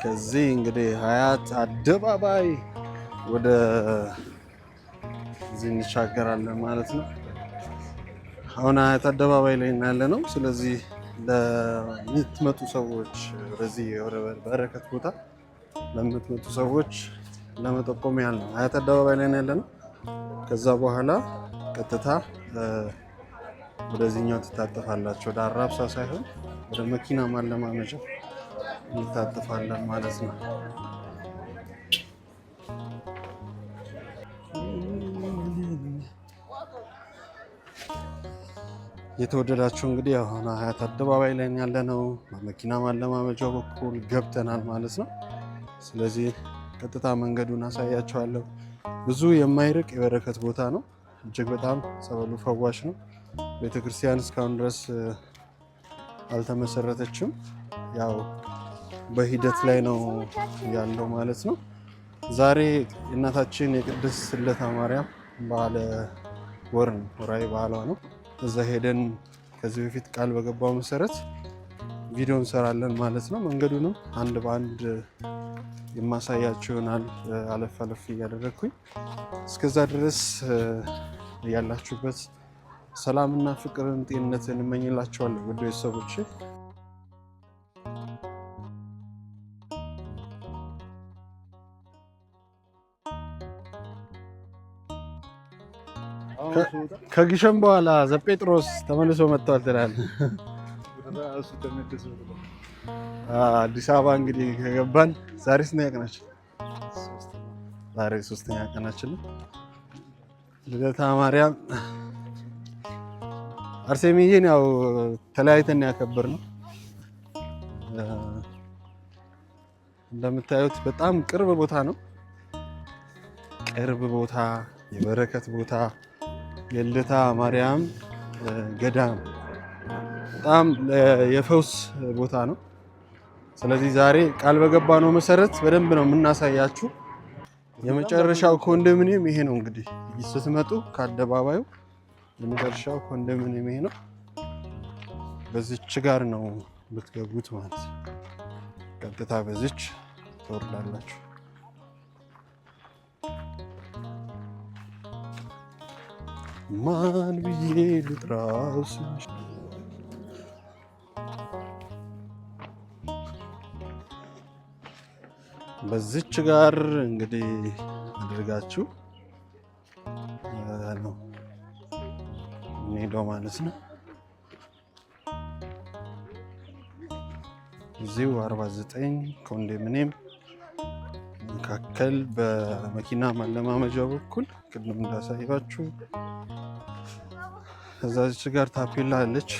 ከዚህ እንግዲህ ሀያት አደባባይ ወደ እዚህ እንሻገራለን ማለት ነው። አሁን ሀያት አደባባይ ላይ ያለ ነው። ስለዚህ ለምትመጡ ሰዎች በዚህ በረከት ቦታ ለምትመጡ ሰዎች ለመጠቆም ያህል ነው። ሀያት አደባባይ ላይ ያለ ነው። ከዛ በኋላ ቀጥታ ወደዚህኛው ትታጠፋላችሁ። ወደ አራብሳ ሳይሆን ወደ መኪና ማለማመጃ እንታጠፋለን ማለት ነው። የተወደዳችሁ እንግዲህ የሆነ ሀያት አደባባይ ላይ ያለ ነው። በመኪና ማለማመጃው በኩል ገብተናል ማለት ነው። ስለዚህ ቀጥታ መንገዱን አሳያቸዋለሁ። ብዙ የማይርቅ የበረከት ቦታ ነው። እጅግ በጣም ጸበሉ ፈዋሽ ነው። ቤተክርስቲያን እስካሁን ድረስ አልተመሰረተችም። ያው በሂደት ላይ ነው ያለው ማለት ነው። ዛሬ እናታችን የቅድስት ስዕለተ ማርያም ባለ ወር ነው፣ ወርሃዊ በዓሏ ነው። እዛ ሄደን ከዚህ በፊት ቃል በገባው መሰረት ቪዲዮ እንሰራለን ማለት ነው። መንገዱንም አንድ በአንድ የማሳያቸው ይሆናል አለፍ አለፍ እያደረግኩኝ እስከዛ ድረስ ያላችሁበት ሰላምና ፍቅርን ጤንነትን እመኝላችኋለሁ ውድ ቤተሰቦች። ከግሸን በኋላ ዘጴጥሮስ ተመልሶ መጥተዋል ትላለህ። አዲስ አበባ እንግዲህ ከገባን ዛሬ ስንት ቀናችን? ዛሬ ሶስተኛ ቀናችን ነው። ልደታ ማርያም አርሴሚዬን ያው ተለያይተን ያከበር ነው። እንደምታዩት በጣም ቅርብ ቦታ ነው። ቅርብ ቦታ፣ የበረከት ቦታ፣ የልደታ ማርያም ገዳም በጣም የፈውስ ቦታ ነው። ስለዚህ ዛሬ ቃል በገባ ነው መሰረት በደንብ ነው የምናሳያችሁ የመጨረሻው ኮንዶሚኒየም ይሄ ነው። እንግዲህ ስትመጡ ከአደባባዩ የመጨረሻው ኮንዶሚኒየም ይሄ ነው። በዚች ጋር ነው የምትገቡት ማለት ቀጥታ በዚች ትወርዳላችሁ። ማን ብዬ ልጥራው በዚች ጋር እንግዲህ አድርጋችሁ ነው ማለት ነው። እዚሁ 49 ኮንዶሚኒየም መካከል በመኪና ማለማመጃ በኩል ቅድም እንዳሳያችሁ እዛች ጋር ታፔላ አለች።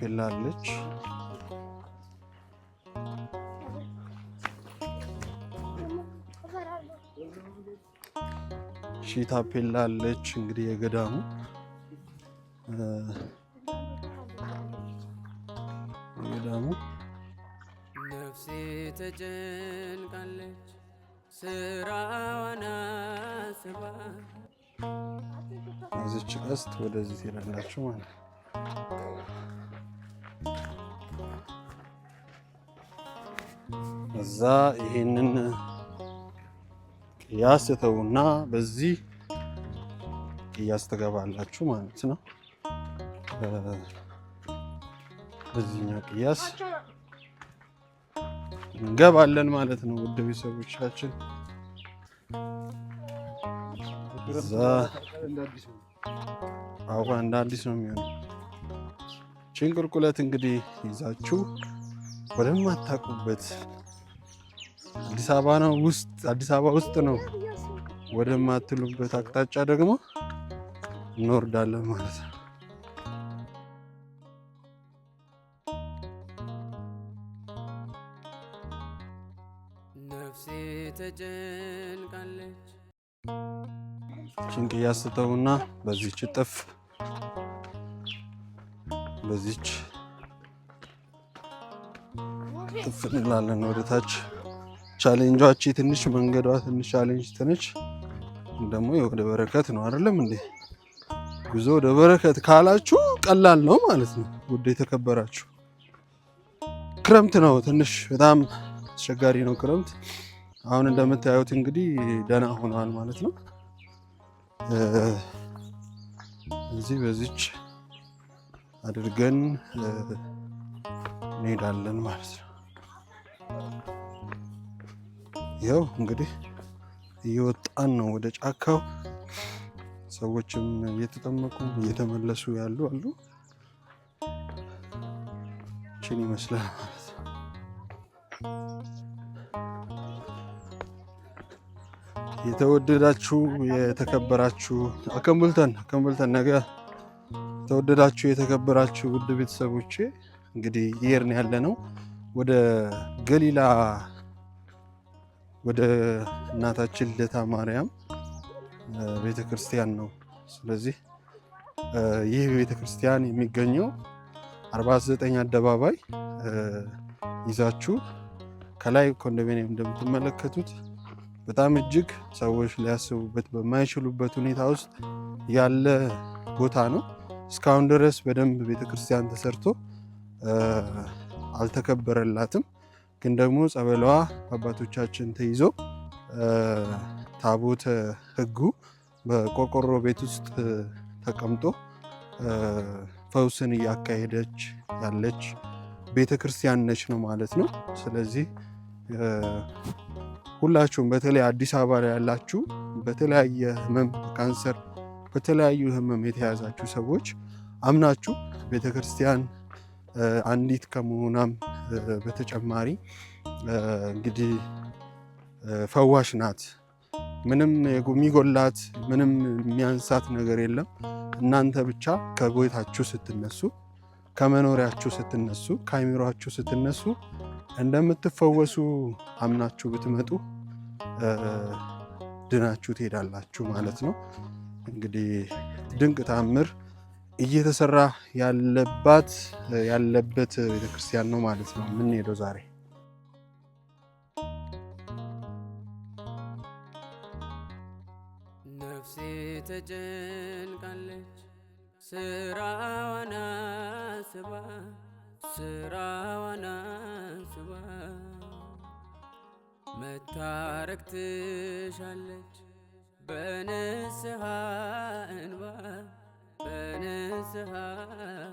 ታፔላ አለች። ሺ ታፔላ አለች። እንግዲህ የገዳሙ የገዳሙ ነፍሴ ተጨንቃለች ስራዋና ስባ እዚች ቀስት ወደዚህ ትሄዳላችሁ ማለት ነው። እዛ ይሄንን ቅያስ ተውና በዚህ ቅያስ ትገባላችሁ ማለት ነው። በዚህኛው ቅያስ እንገባለን ማለት ነው። ውድ ቤተሰቦቻችን አሁን እንደ አዲስ ነው የሚሆነው። ጭንቁልቁለት እንግዲህ ይዛችሁ ወደማታውቁበት አዲስ አበባ ነው ውስጥ አዲስ አበባ ውስጥ ነው ወደማትሉበት አቅጣጫ ደግሞ እንወርዳለን ማለት ነው። ነፍሴ ተጨንቃለች። ጭንቅ እያስተውና በዚች ጥፍ በዚች ጥፍ እንላለን ወደ ታች ቻሌንጇች ትንሽ መንገዷ ትንሽ ቻሌንጅ ትንሽ ደግሞ ወደ በረከት ነው አይደለም እንዴ? ጉዞ ወደ በረከት ካላችሁ ቀላል ነው ማለት ነው። ውድ የተከበራችሁ ክረምት ነው ትንሽ በጣም አስቸጋሪ ነው ክረምት። አሁን እንደምታዩት እንግዲህ ደህና ሆኗል ማለት ነው። እዚህ በዚች አድርገን እንሄዳለን ማለት ነው። ይኸው እንግዲህ እየወጣን ነው ወደ ጫካው። ሰዎችም እየተጠመቁ እየተመለሱ ያሉ አሉ። ችን ይመስላል ማለት ነው። የተወደዳችሁ የተከበራችሁ አከምብልተን አከምብልተን ነገ የተወደዳችሁ የተከበራችሁ ውድ ቤተሰቦቼ እንግዲህ ይሄርን ያለ ነው ወደ ገሊላ ወደ እናታችን ልደታ ማርያም ቤተ ክርስቲያን ነው። ስለዚህ ይህ ቤተ ክርስቲያን የሚገኘው 49 አደባባይ ይዛችሁ ከላይ ኮንዶሚኒየም እንደምትመለከቱት በጣም እጅግ ሰዎች ሊያስቡበት በማይችሉበት ሁኔታ ውስጥ ያለ ቦታ ነው። እስካሁን ድረስ በደንብ ቤተክርስቲያን ተሰርቶ አልተከበረላትም። ግን ደግሞ ጸበሏ አባቶቻችን ተይዞ ታቦተ ሕጉ በቆርቆሮ ቤት ውስጥ ተቀምጦ ፈውስን እያካሄደች ያለች ቤተ ክርስቲያን ነች ነው ማለት ነው። ስለዚህ ሁላችሁም በተለይ አዲስ አበባ ላይ ያላችሁ በተለያየ ህመም፣ ካንሰር፣ በተለያዩ ህመም የተያዛችሁ ሰዎች አምናችሁ ቤተ ክርስቲያን አንዲት ከመሆኗም በተጨማሪ እንግዲህ ፈዋሽ ናት። ምንም የሚጎላት ምንም የሚያንሳት ነገር የለም። እናንተ ብቻ ከቦታችሁ ስትነሱ፣ ከመኖሪያችሁ ስትነሱ፣ ከአይምሯችሁ ስትነሱ እንደምትፈወሱ አምናችሁ ብትመጡ ድናችሁ ትሄዳላችሁ ማለት ነው። እንግዲህ ድንቅ ታምር እየተሰራ ያለባት ያለበት ቤተክርስቲያን ነው ማለት ነው የምንሄደው ዛሬ። ነፍሴ ተጨንቃለች ስራዋን አስባ ስራዋን አስባ መታረቅ ትሻለች በንስሐ እንባ በንስሐ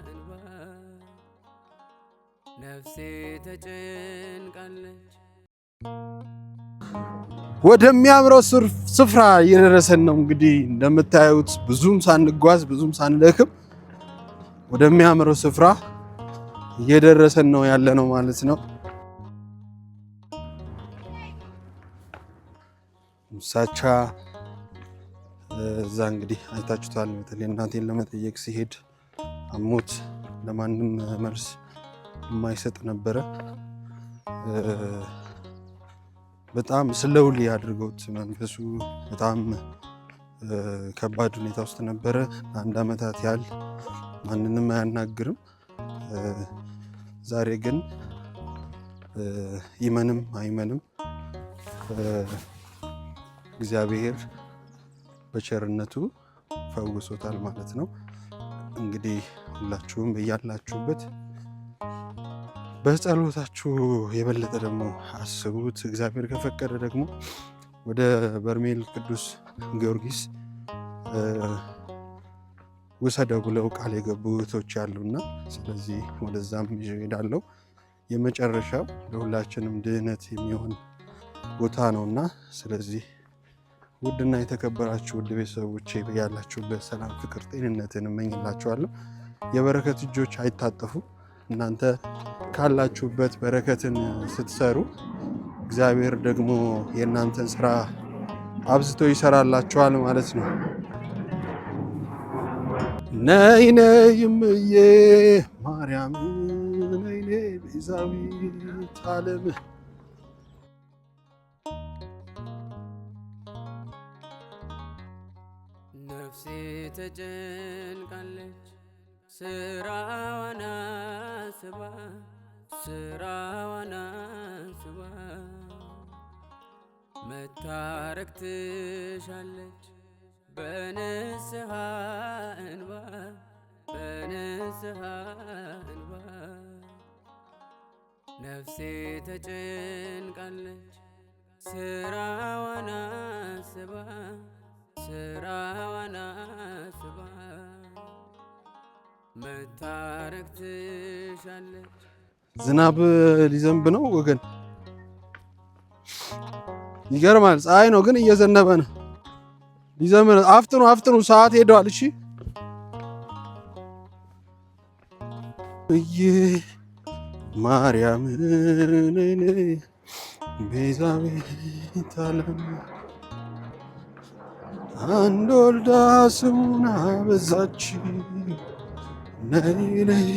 እንባ ነፍሴ ተጨንቃለች። ወደሚያምረው ስፍራ እየደረሰን ነው። እንግዲህ እንደምታዩት ብዙም ሳንጓዝ ብዙም ሳንደክም ወደሚያምረው ስፍራ እየደረሰን ነው ያለ ነው ማለት ነው። ሙሳቻ እዛ እንግዲህ አይታችሁታል። በተለይ እናቴን ለመጠየቅ ሲሄድ አሞት ለማንም መልስ የማይሰጥ ነበረ። በጣም ስለውል አድርገውት መንፈሱ በጣም ከባድ ሁኔታ ውስጥ ነበረ። ለአንድ ዓመታት ያህል ማንንም አያናግርም። ዛሬ ግን ይመንም አይመንም እግዚአብሔር በቸርነቱ ፈውሶታል ማለት ነው። እንግዲህ ሁላችሁም እያላችሁበት በጸሎታችሁ የበለጠ ደግሞ አስቡት። እግዚአብሔር ከፈቀደ ደግሞ ወደ በርሜል ቅዱስ ጊዮርጊስ ውሰደው ብለው ቃል የገቡ እህቶች ያሉና ስለዚህ ወደዛም ይዤው እሄዳለሁ። የመጨረሻው ለሁላችንም ድህነት የሚሆን ቦታ ነውና ስለዚህ ውድና የተከበራችሁ ውድ ቤተሰቦቼ ያላችሁበት ሰላም፣ ፍቅር፣ ጤንነትን እመኝላችኋለሁ። የበረከት እጆች አይታጠፉ። እናንተ ካላችሁበት በረከትን ስትሰሩ እግዚአብሔር ደግሞ የእናንተን ስራ አብዝቶ ይሰራላችኋል ማለት ነው። ነይ ነይ እምዬ ማርያም ነይ ነይ ቤዛዊት ዓለም ነፍሴ ተጨንቃለች ስራዋን አስባ ስራዋን አስባ መታረቅ ትሻለች በንስሐ እንባ በንስሐ እንባ ነፍሴ ተጨንቃለች ስራዋን አስባ ስራዋን አስባ መታረቅ ትሻለች። ዝናብ ሊዘንብ ነው ወገን፣ ይገርማል። ፀሐይ ነው ግን እየዘነበ ነው። ሊዘንብ ነው። አፍጥኑ አፍጥኑ፣ ሰዓት ሄደዋል። እሺ እዬ ማርያም ቤዛቤት ዓለም አንድ ወልዳ ስሙን አበዛች። ነይ ነይ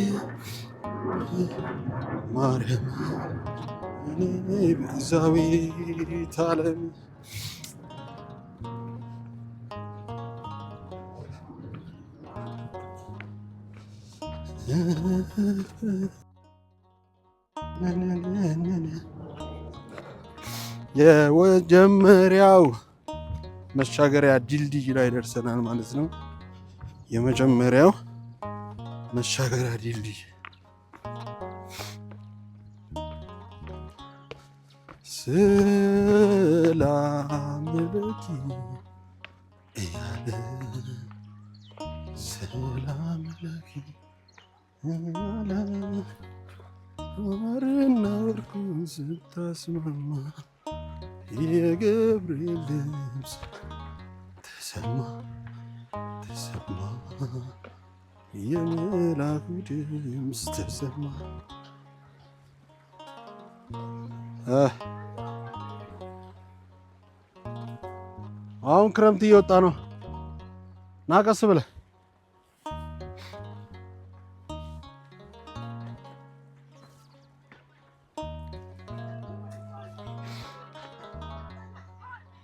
ማርያም ቤዛዊት ዓለም የመጀመሪያው መሻገሪያ ድልድይ ላይ ደርሰናል ማለት ነው። የመጀመሪያው መሻገሪያ ድልድይ ሰላም ለኪ እያለ ሰላም እያለ ማርና ወርቁን ስታስማማ የገብርኤል ድምፅ ተሰማ ተሰማ የመላኩ ድምፅ ተሰማ። አሁን ክረምት እየወጣ ነው። ና ቀስ ብለህ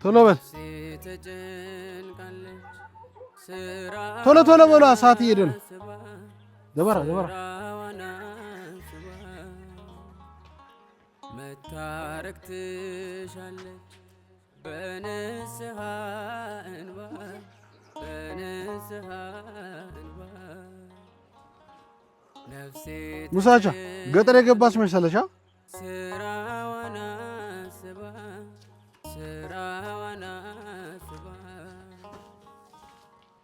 ቶሎ በል ቶሎ ቶሎ በሏ፣ ሰዓት እየሄደ ነው። ዘበራ ዘበራ መታረቅ ትሻለች በንስሐ እንባ በንስሐ እንባ ሙሳቻ ገጠር የገባች መሰለሻ ስራዋና ስራዋን አስባ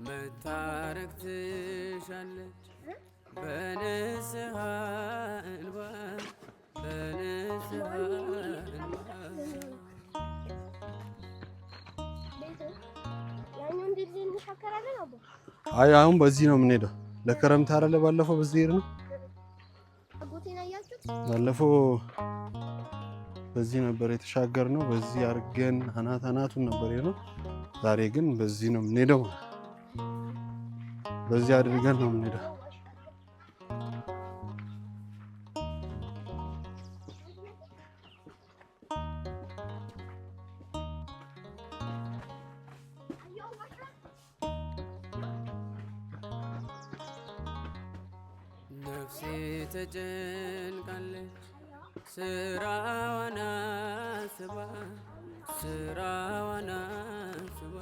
መታረቅ ትሻለች በንስሐ እንባ በንስሐ አይ አሁን በዚህ ነው የምንሄደው። ለከረምታ አይደለ? ባለፈው በዚህ ሄድ ባለፈው በዚህ ነበር የተሻገር ነው። በዚህ አርገን አናት አናቱን ነበር ነው። ዛሬ ግን በዚህ ነው የምንሄደው። በዚህ አድርገን ነው የምንሄደው። ነፍሴ ተጨንቃለች ስራዋን አስባ ስራዋን አስባ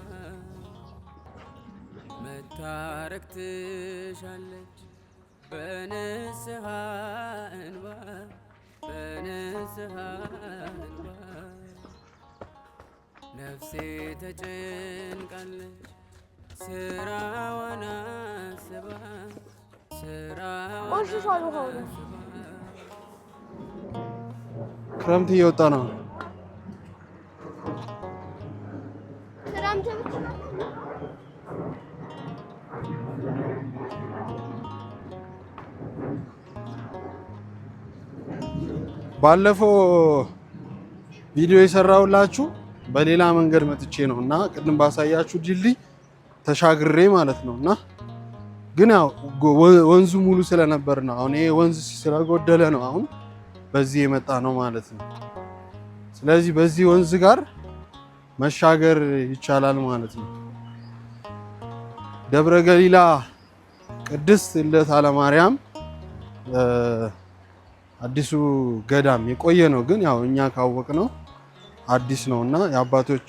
መታረቅ ትሻለች በንስሐ እንባ በንስሐ እንባ ነፍሴ ተጨንቃለች ስራዋን አስባ ስራዋን ክረምት እየወጣ ነው። ባለፈው ቪዲዮ የሰራሁላችሁ በሌላ መንገድ መጥቼ ነው እና ቅድም ባሳያችሁ ድልድይ ተሻግሬ ማለት ነው እና ግን ያው ወንዙ ሙሉ ስለነበር ነው። አሁን ይሄ ወንዝ ስለጎደለ ነው አሁን በዚህ የመጣ ነው ማለት ነው። ስለዚህ በዚህ ወንዝ ጋር መሻገር ይቻላል ማለት ነው። ደብረ ገሊላ ቅድስት ልደታ ለማርያም አዲሱ ገዳም የቆየ ነው፣ ግን ያው እኛ ካወቅ ነው አዲስ ነው እና የአባቶች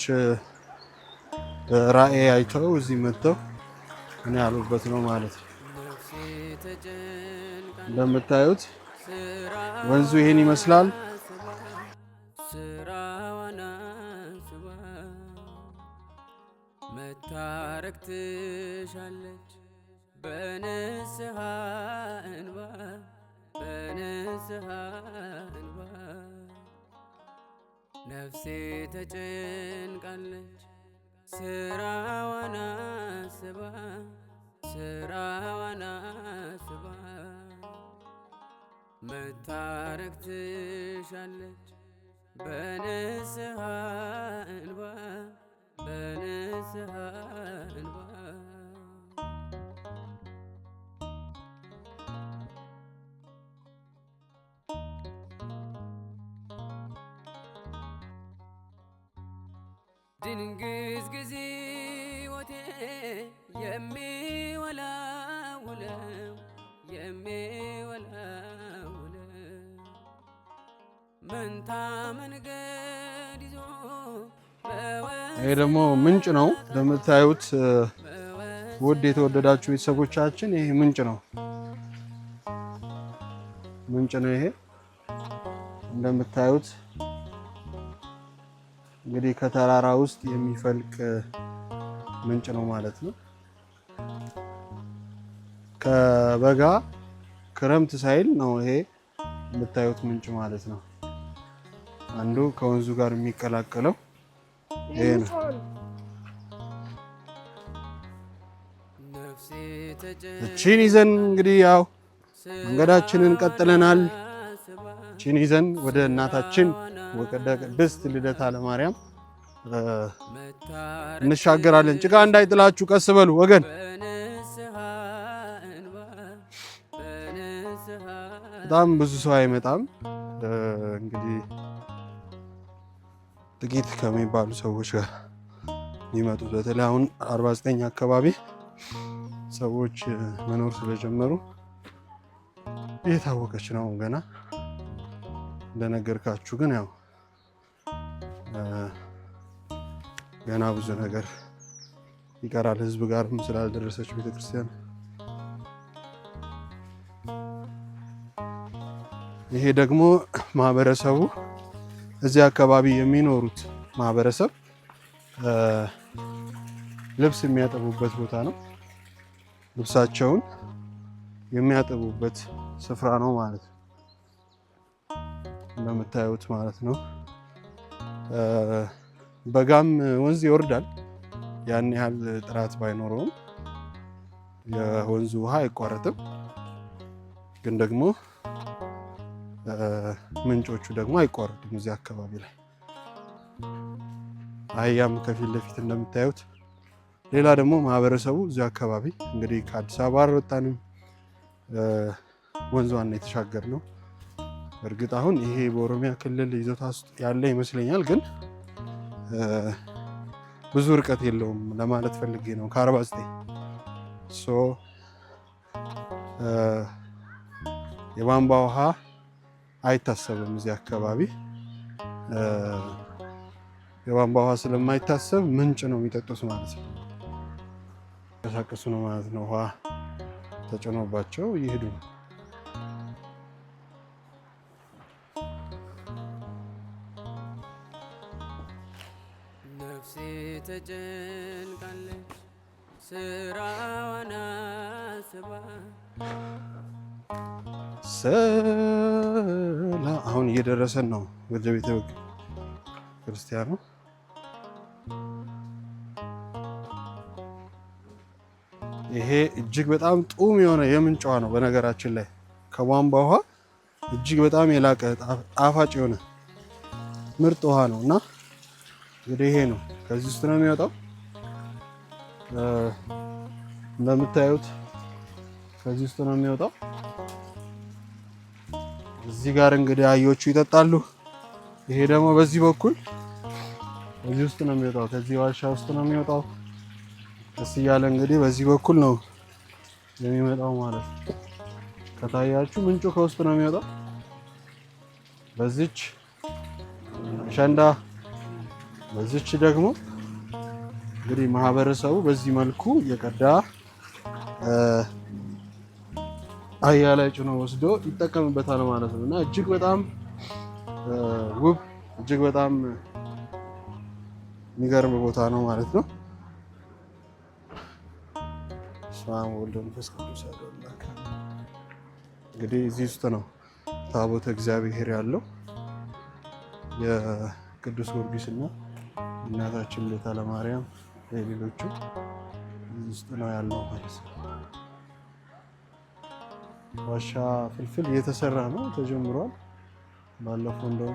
ራእይ አይተው እዚህ መጥተው ምን ያሉበት ነው ማለት ነው እንደምታዩት ወንዙ ይሄን ይመስላል። መታረቅ ትሻለች በንስሐ እንባ በንስሐ እንባ ነፍሴ ተጨንቃለች ስራዋን አስባ ስራዋን አስባ መታረቅ ትሻለች በንስሐ እንባ በንስሐ እንባ ድንግዝ ወቴ የሚ መንታ መንገድ ይዞ ይሄ ደግሞ ምንጭ ነው እንደምታዩት፣ ውድ የተወደዳችሁ ቤተሰቦቻችን ይሄ ምንጭ ነው። ምንጭ ነው ይሄ እንደምታዩት እንግዲህ ከተራራ ውስጥ የሚፈልቅ ምንጭ ነው ማለት ነው። ከበጋ ክረምት ሳይል ነው ይሄ የምታዩት ምንጭ ማለት ነው። አንዱ ከወንዙ ጋር የሚቀላቀለው ይሄ ነው። እቺን ይዘን እንግዲህ ያው መንገዳችንን ቀጥለናል። እቺን ይዘን ወደ እናታችን ወደ ቅድስት ልደታ ለማርያም እንሻገራለን። ጭቃ እንዳይጥላችሁ ቀስ በሉ ወገን። በጣም ብዙ ሰው አይመጣም እንግዲህ ጥቂት ከሚባሉ ሰዎች ጋር የሚመጡት በተለይ አሁን 49 አካባቢ ሰዎች መኖር ስለጀመሩ እየታወቀች ነው ገና። እንደነገርካችሁ ግን ያው ገና ብዙ ነገር ይቀራል። ህዝብ ጋርም ስላልደረሰች ቤተክርስቲያን ይሄ ደግሞ ማህበረሰቡ እዚህ አካባቢ የሚኖሩት ማህበረሰብ ልብስ የሚያጠቡበት ቦታ ነው። ልብሳቸውን የሚያጠቡበት ስፍራ ነው ማለት ነው። እንደምታዩት ማለት ነው። በጋም ወንዝ ይወርዳል። ያን ያህል ጥራት ባይኖረውም የወንዙ ውሃ አይቋረጥም፣ ግን ደግሞ ምንጮቹ ደግሞ አይቋረጡም። እዚህ አካባቢ ላይ አህያም ከፊት ለፊት እንደምታዩት። ሌላ ደግሞ ማህበረሰቡ እዚህ አካባቢ እንግዲህ ከአዲስ አበባ አልወጣንም፣ ወንዟን የተሻገር ነው። እርግጥ አሁን ይሄ በኦሮሚያ ክልል ይዞታ ያለ ይመስለኛል፣ ግን ብዙ እርቀት የለውም ለማለት ፈልጌ ነው። ከ49 የቧንቧ ውሃ አይታሰብም። እዚህ አካባቢ የቧንቧ ውሃ ስለማይታሰብ ምንጭ ነው የሚጠጡት ማለት ነው። ቀሳቀሱ ነው ማለት ነው። ውሃ ተጭኖባቸው ይሄዱ ነው። ነፍሴ ተጨንቃለች ስራዋን አስባ ሰላ አሁን እየደረሰን ነው ወደ ቤተ ክርስቲያኑ። ይሄ እጅግ በጣም ጡም የሆነ የምንጭ ውሃ ነው። በነገራችን ላይ ከቧንቧ ውሃ እጅግ በጣም የላቀ ጣፋጭ የሆነ ምርጥ ውሃ ነው እና እንግዲህ ይሄ ነው ከዚህ ውስጥ ነው የሚወጣው። እንደምታዩት ከዚህ ውስጥ ነው የሚወጣው። እዚህ ጋር እንግዲህ አህዮቹ ይጠጣሉ። ይሄ ደግሞ በዚህ በኩል እዚህ ውስጥ ነው የሚወጣው፣ ከዚህ ዋሻ ውስጥ ነው የሚወጣው። እስ እያለ እንግዲህ በዚህ በኩል ነው የሚመጣው ማለት ነው። ከታያችሁ ምንጩ ከውስጥ ነው የሚወጣው። በዚች ሸንዳ፣ በዚች ደግሞ እንግዲህ ማህበረሰቡ በዚህ መልኩ እየቀዳ አህያ ላይ ጭኖ ወስዶ ይጠቀምበታል ማለት ነው እና እጅግ በጣም ውብ እጅግ በጣም የሚገርም ቦታ ነው ማለት ነው። ስማም ወልደ መንፈስ ቅዱስ እንግዲህ እዚህ ውስጥ ነው ታቦተ እግዚአብሔር ያለው የቅዱስ ጊዮርጊስ እና እናታችን ቤተ ለማርያም የሌሎቹ እዚህ ውስጥ ነው ያለው ማለት ነው። ዋሻ ፍልፍል እየተሰራ ነው፣ ተጀምሯል። ባለፈው እንደው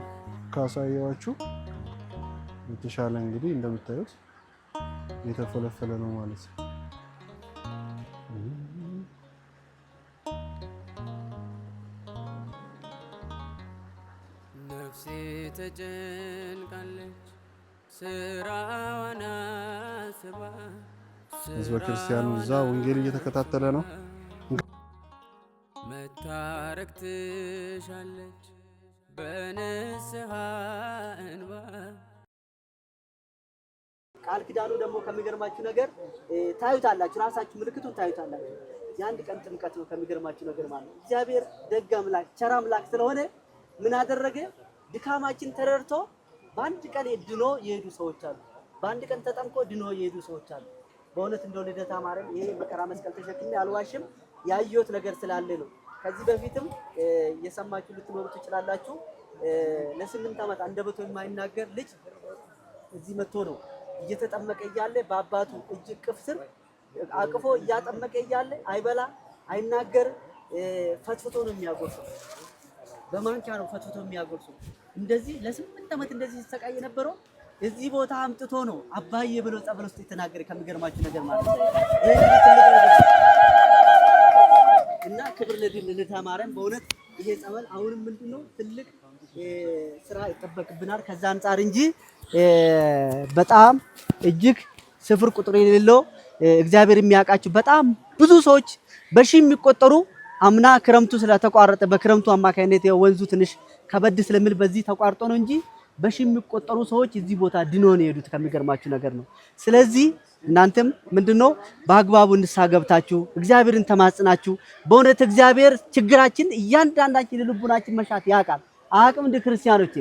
ካሳየዋችሁ የተሻለ እንግዲህ እንደምታዩት እየተፈለፈለ ነው ማለት ነው። ነፍሴ ተጨንቃለች ስራዋን አስባ ህዝበ ክርስቲያኑ እዛ ወንጌል እየተከታተለ ነው። ትሻለች በንስሐ እንባ። ቃል ኪዳኑ ደግሞ ከሚገርማችሁ ነገር ታዩታላችሁ፣ ራሳችሁ ምልክቱን ታዩታላችሁ። የአንድ ቀን ጥምቀት ነው። ከሚገርማችሁ ነገር ማለት ነው እግዚአብሔር ደግ አምላክ ቸር አምላክ ስለሆነ ምን አደረገ? ድካማችን ተረድቶ በአንድ ቀን ድኖ የሄዱ ሰዎች አሉ። በአንድ ቀን ተጠምቆ ድኖ የሄዱ ሰዎች አሉ። በእውነት እንደው ልደታ ማርያም ይሄ መከራ መስቀል ተሸክሜ አልዋሽም ያየሁት ነገር ስላለ ነው። ከዚህ በፊትም እየሰማችሁ ልትኖሩ ትችላላችሁ። ለስምንት ዓመት አንደበቱ የማይናገር ልጅ እዚህ መጥቶ ነው እየተጠመቀ እያለ በአባቱ እጅ ቅፍ ስር አቅፎ እያጠመቀ እያለ አይበላ አይናገር ፈትፍቶ ነው የሚያጎርሱ። በማንኪያ ነው ፈትፍቶ የሚያጎርሱ። እንደዚህ ለስምንት ዓመት እንደዚህ ሲሰቃይ የነበረው እዚህ ቦታ አምጥቶ ነው አባዬ ብሎ ጸበል ውስጥ የተናገረ። ከሚገርማችሁ ነገር ማለት ነው። እና ክብር ለድል ማርያም በእውነት ይሄ ጸበል አሁንም ምንድን ነው ትልቅ ስራ ይጠበቅብናል። ከዛ አንጻር እንጂ በጣም እጅግ ስፍር ቁጥር የሌለው እግዚአብሔር የሚያውቃቸው በጣም ብዙ ሰዎች በሺ የሚቆጠሩ አምና ክረምቱ ስለተቋረጠ በክረምቱ አማካኝነት ወንዙ ትንሽ ከበድ ስለሚል በዚህ ተቋርጦ ነው እንጂ በሺ የሚቆጠሩ ሰዎች እዚህ ቦታ ድኖ ነው የሄዱት። ከሚገርማችሁ ነገር ነው። ስለዚህ እናንተም ምንድነው በአግባቡ ንስሐ ገብታችሁ እግዚአብሔርን ተማጽናችሁ በእውነት እግዚአብሔር ችግራችን እያንዳንዳችን የልቡናችን መሻት ያውቃል። አቅም እንደ ክርስቲያኖች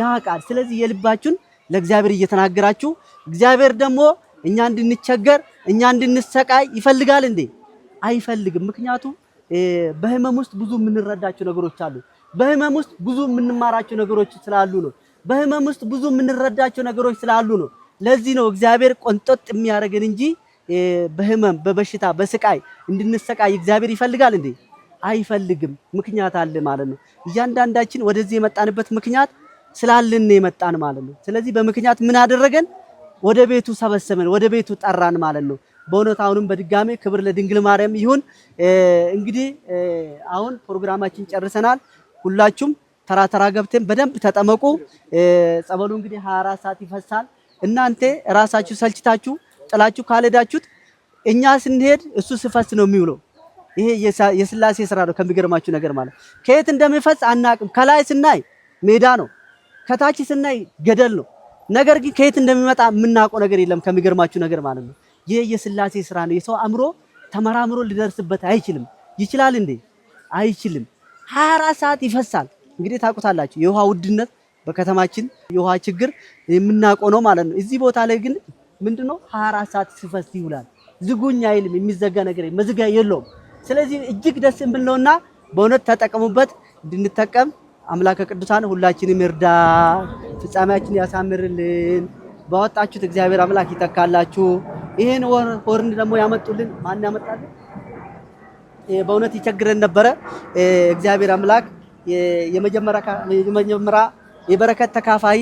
ያውቃል። ስለዚህ የልባችሁን ለእግዚአብሔር እየተናገራችሁ እግዚአብሔር ደግሞ እኛ እንድንቸገር እኛ እንድንሰቃይ ይፈልጋል እንዴ? አይፈልግም። ምክንያቱም በህመም ውስጥ ብዙ የምንረዳቸው ነገሮች አሉ። በህመም ውስጥ ብዙ የምንማራቸው ነገሮች ስላሉ ነው። በህመም ውስጥ ብዙ የምንረዳቸው ነገሮች ስላሉ ነው። ለዚህ ነው እግዚአብሔር ቆንጦጥ የሚያደርገን እንጂ በህመም በበሽታ በስቃይ እንድንሰቃይ እግዚአብሔር ይፈልጋል እንዴ? አይፈልግም። ምክንያት አለ ማለት ነው። እያንዳንዳችን ወደዚህ የመጣንበት ምክንያት ስላልን የመጣን ማለት ነው። ስለዚህ በምክንያት ምን አደረገን? ወደ ቤቱ ሰበሰበን፣ ወደ ቤቱ ጠራን ማለት ነው። በእውነት አሁንም በድጋሜ ክብር ለድንግል ማርያም ይሁን። እንግዲህ አሁን ፕሮግራማችን ጨርሰናል። ሁላችሁም ተራ ተራ ገብተን በደንብ ተጠመቁ። ጸበሉ እንግዲህ 24 ሰዓት ይፈሳል። እናንተ ራሳችሁ ሰልችታችሁ ጥላችሁ ካልሄዳችሁት እኛ ስንሄድ እሱ ስፈስ ነው የሚውለው። ይሄ የስላሴ ስራ ነው። ከሚገርማችሁ ነገር ማለት ከየት እንደሚፈስ አናቅም። ከላይ ስናይ ሜዳ ነው፣ ከታች ስናይ ገደል ነው። ነገር ግን ከየት እንደሚመጣ የምናውቀው ነገር የለም። ከሚገርማችሁ ነገር ማለት ነው። ይሄ የስላሴ ስራ ነው። የሰው አእምሮ ተመራምሮ ሊደርስበት አይችልም። ይችላል እንዴ? አይችልም። 24 ሰዓት ይፈሳል። እንግዲህ ታውቁታላችሁ የውሃ ውድነት በከተማችን የውሃ ችግር የምናውቀው ነው ማለት ነው። እዚህ ቦታ ላይ ግን ምንድነው 24 ሰዓት ሲፈስ ይውላል። ዝጉኝ አይልም። የሚዘጋ ነገር መዝጋ የለውም። ስለዚህ እጅግ ደስ የሚል ነውና በእውነት ተጠቀሙበት። እንድንጠቀም አምላከ ቅዱሳን ሁላችንም ይርዳ፣ ፍጻሜያችን ያሳምርልን። ባወጣችሁት እግዚአብሔር አምላክ ይተካላችሁ። ይህን ወርን ደግሞ ያመጡልን ማን ያመጣልን? በእውነት ይቸግረን ነበረ። እግዚአብሔር አምላክ የመጀመሪያ የበረከት ተካፋይ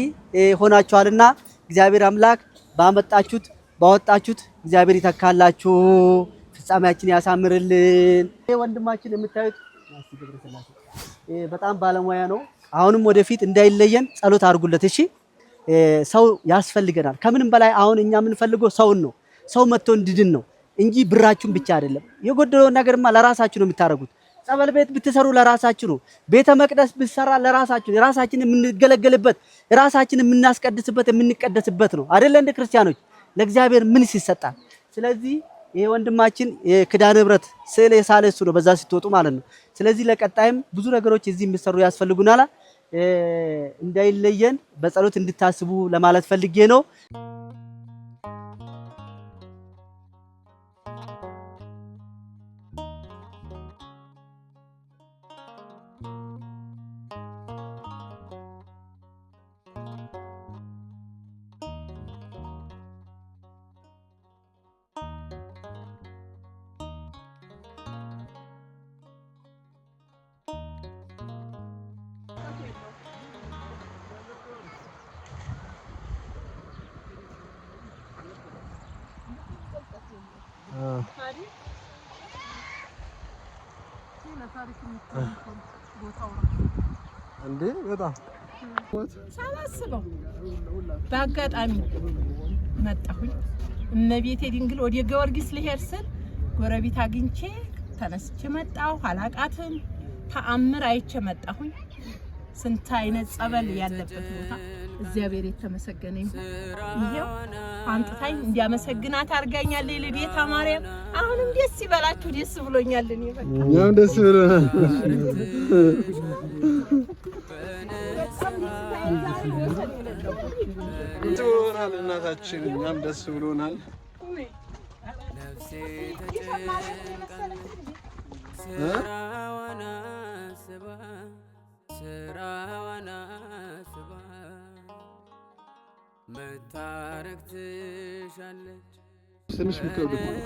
ሆናችኋልና እግዚአብሔር አምላክ ባመጣችሁት ባወጣችሁት እግዚአብሔር ይተካላችሁ፣ ፍጻሜያችን ያሳምርልን። ወንድማችን የምታዩት በጣም ባለሙያ ነው። አሁንም ወደፊት እንዳይለየን ጸሎት አድርጉለት። እሺ ሰው ያስፈልገናል። ከምንም በላይ አሁን እኛ የምንፈልገው ሰውን ነው። ሰው መጥቶ እንድድን ነው እንጂ ብራችሁን ብቻ አይደለም። የጎደለውን ነገርማ ለራሳችሁ ነው የምታደርጉት። ጸበል ቤት ብትሰሩ ለራሳችሁ ቤተ መቅደስ ብትሰራ ለራሳችሁ ራሳችን የምንገለገልበት ራሳችን የምናስቀድስበት የምንቀደስበት ነው አይደለ? እንደ ክርስቲያኖች ለእግዚአብሔር ምንስ ይሰጣል? ስለዚህ ይሄ ወንድማችን የክዳን ህብረት ስዕል የሳለ እሱ ነው፣ በዛ ስትወጡ ማለት ነው። ስለዚህ ለቀጣይም ብዙ ነገሮች እዚህ የሚሰሩ ያስፈልጉናል። እንዳይለየን በጸሎት እንድታስቡ ለማለት ፈልጌ ነው። እንዴ በጣም ሳላስበው በአጋጣሚ መጣሁኝ። እመቤቴ ድንግል ወደ ጊዮርጊስ ልሄድ ስል ጎረቤት አግኝቼ ተነስቼ መጣሁ። አላቃትም ተአምር አይቼ መጣሁኝ። ስንት አይነት ጸበል ያለበት ቦታ እግዚአብሔር የተመሰገነ ይሁን። ይሄው አንጥታኝ እንዲያመሰግናት አድርጋኛል። ልደታ ማርያም አሁንም ደስ ይበላችሁ። ደስ ብሎኛል። እኔ በቃ እኛም ደስ ብሎናል። ብሎናል እናታችን፣ እኛም ደስ ብሎናል። ስራዋና ስባ ስራዋና ስባ İstemiş mi tövbe?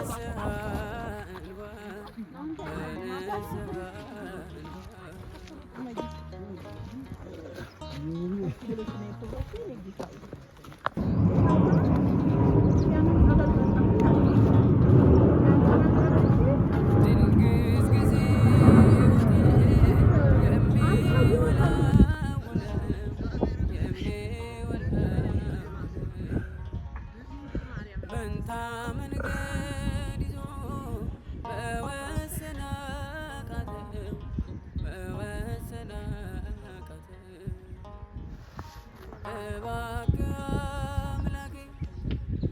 መንታ መንገድ ይዞ መወሰን አቃተው መወሰን አቃተው። እባክህ አምላኬ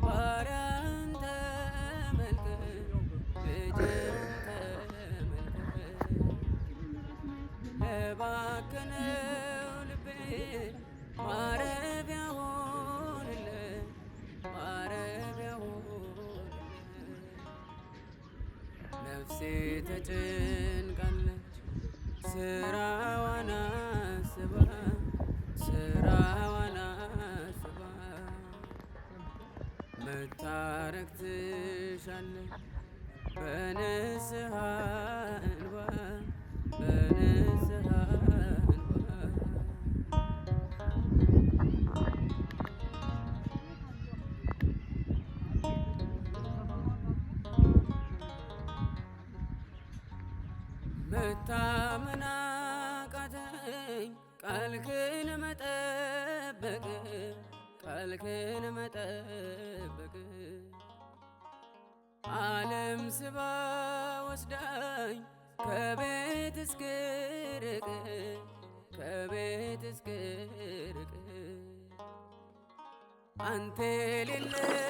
ባሪያህን ተመልከት፣ ልጅህን ተመልከት። እባክህ ነው ልቤ ነፍሴ ተጨንቃለች ስራዋን አስባ ስራዋን አስባ መታረቅ ትሻለች በንስሐ አንተ ሌለ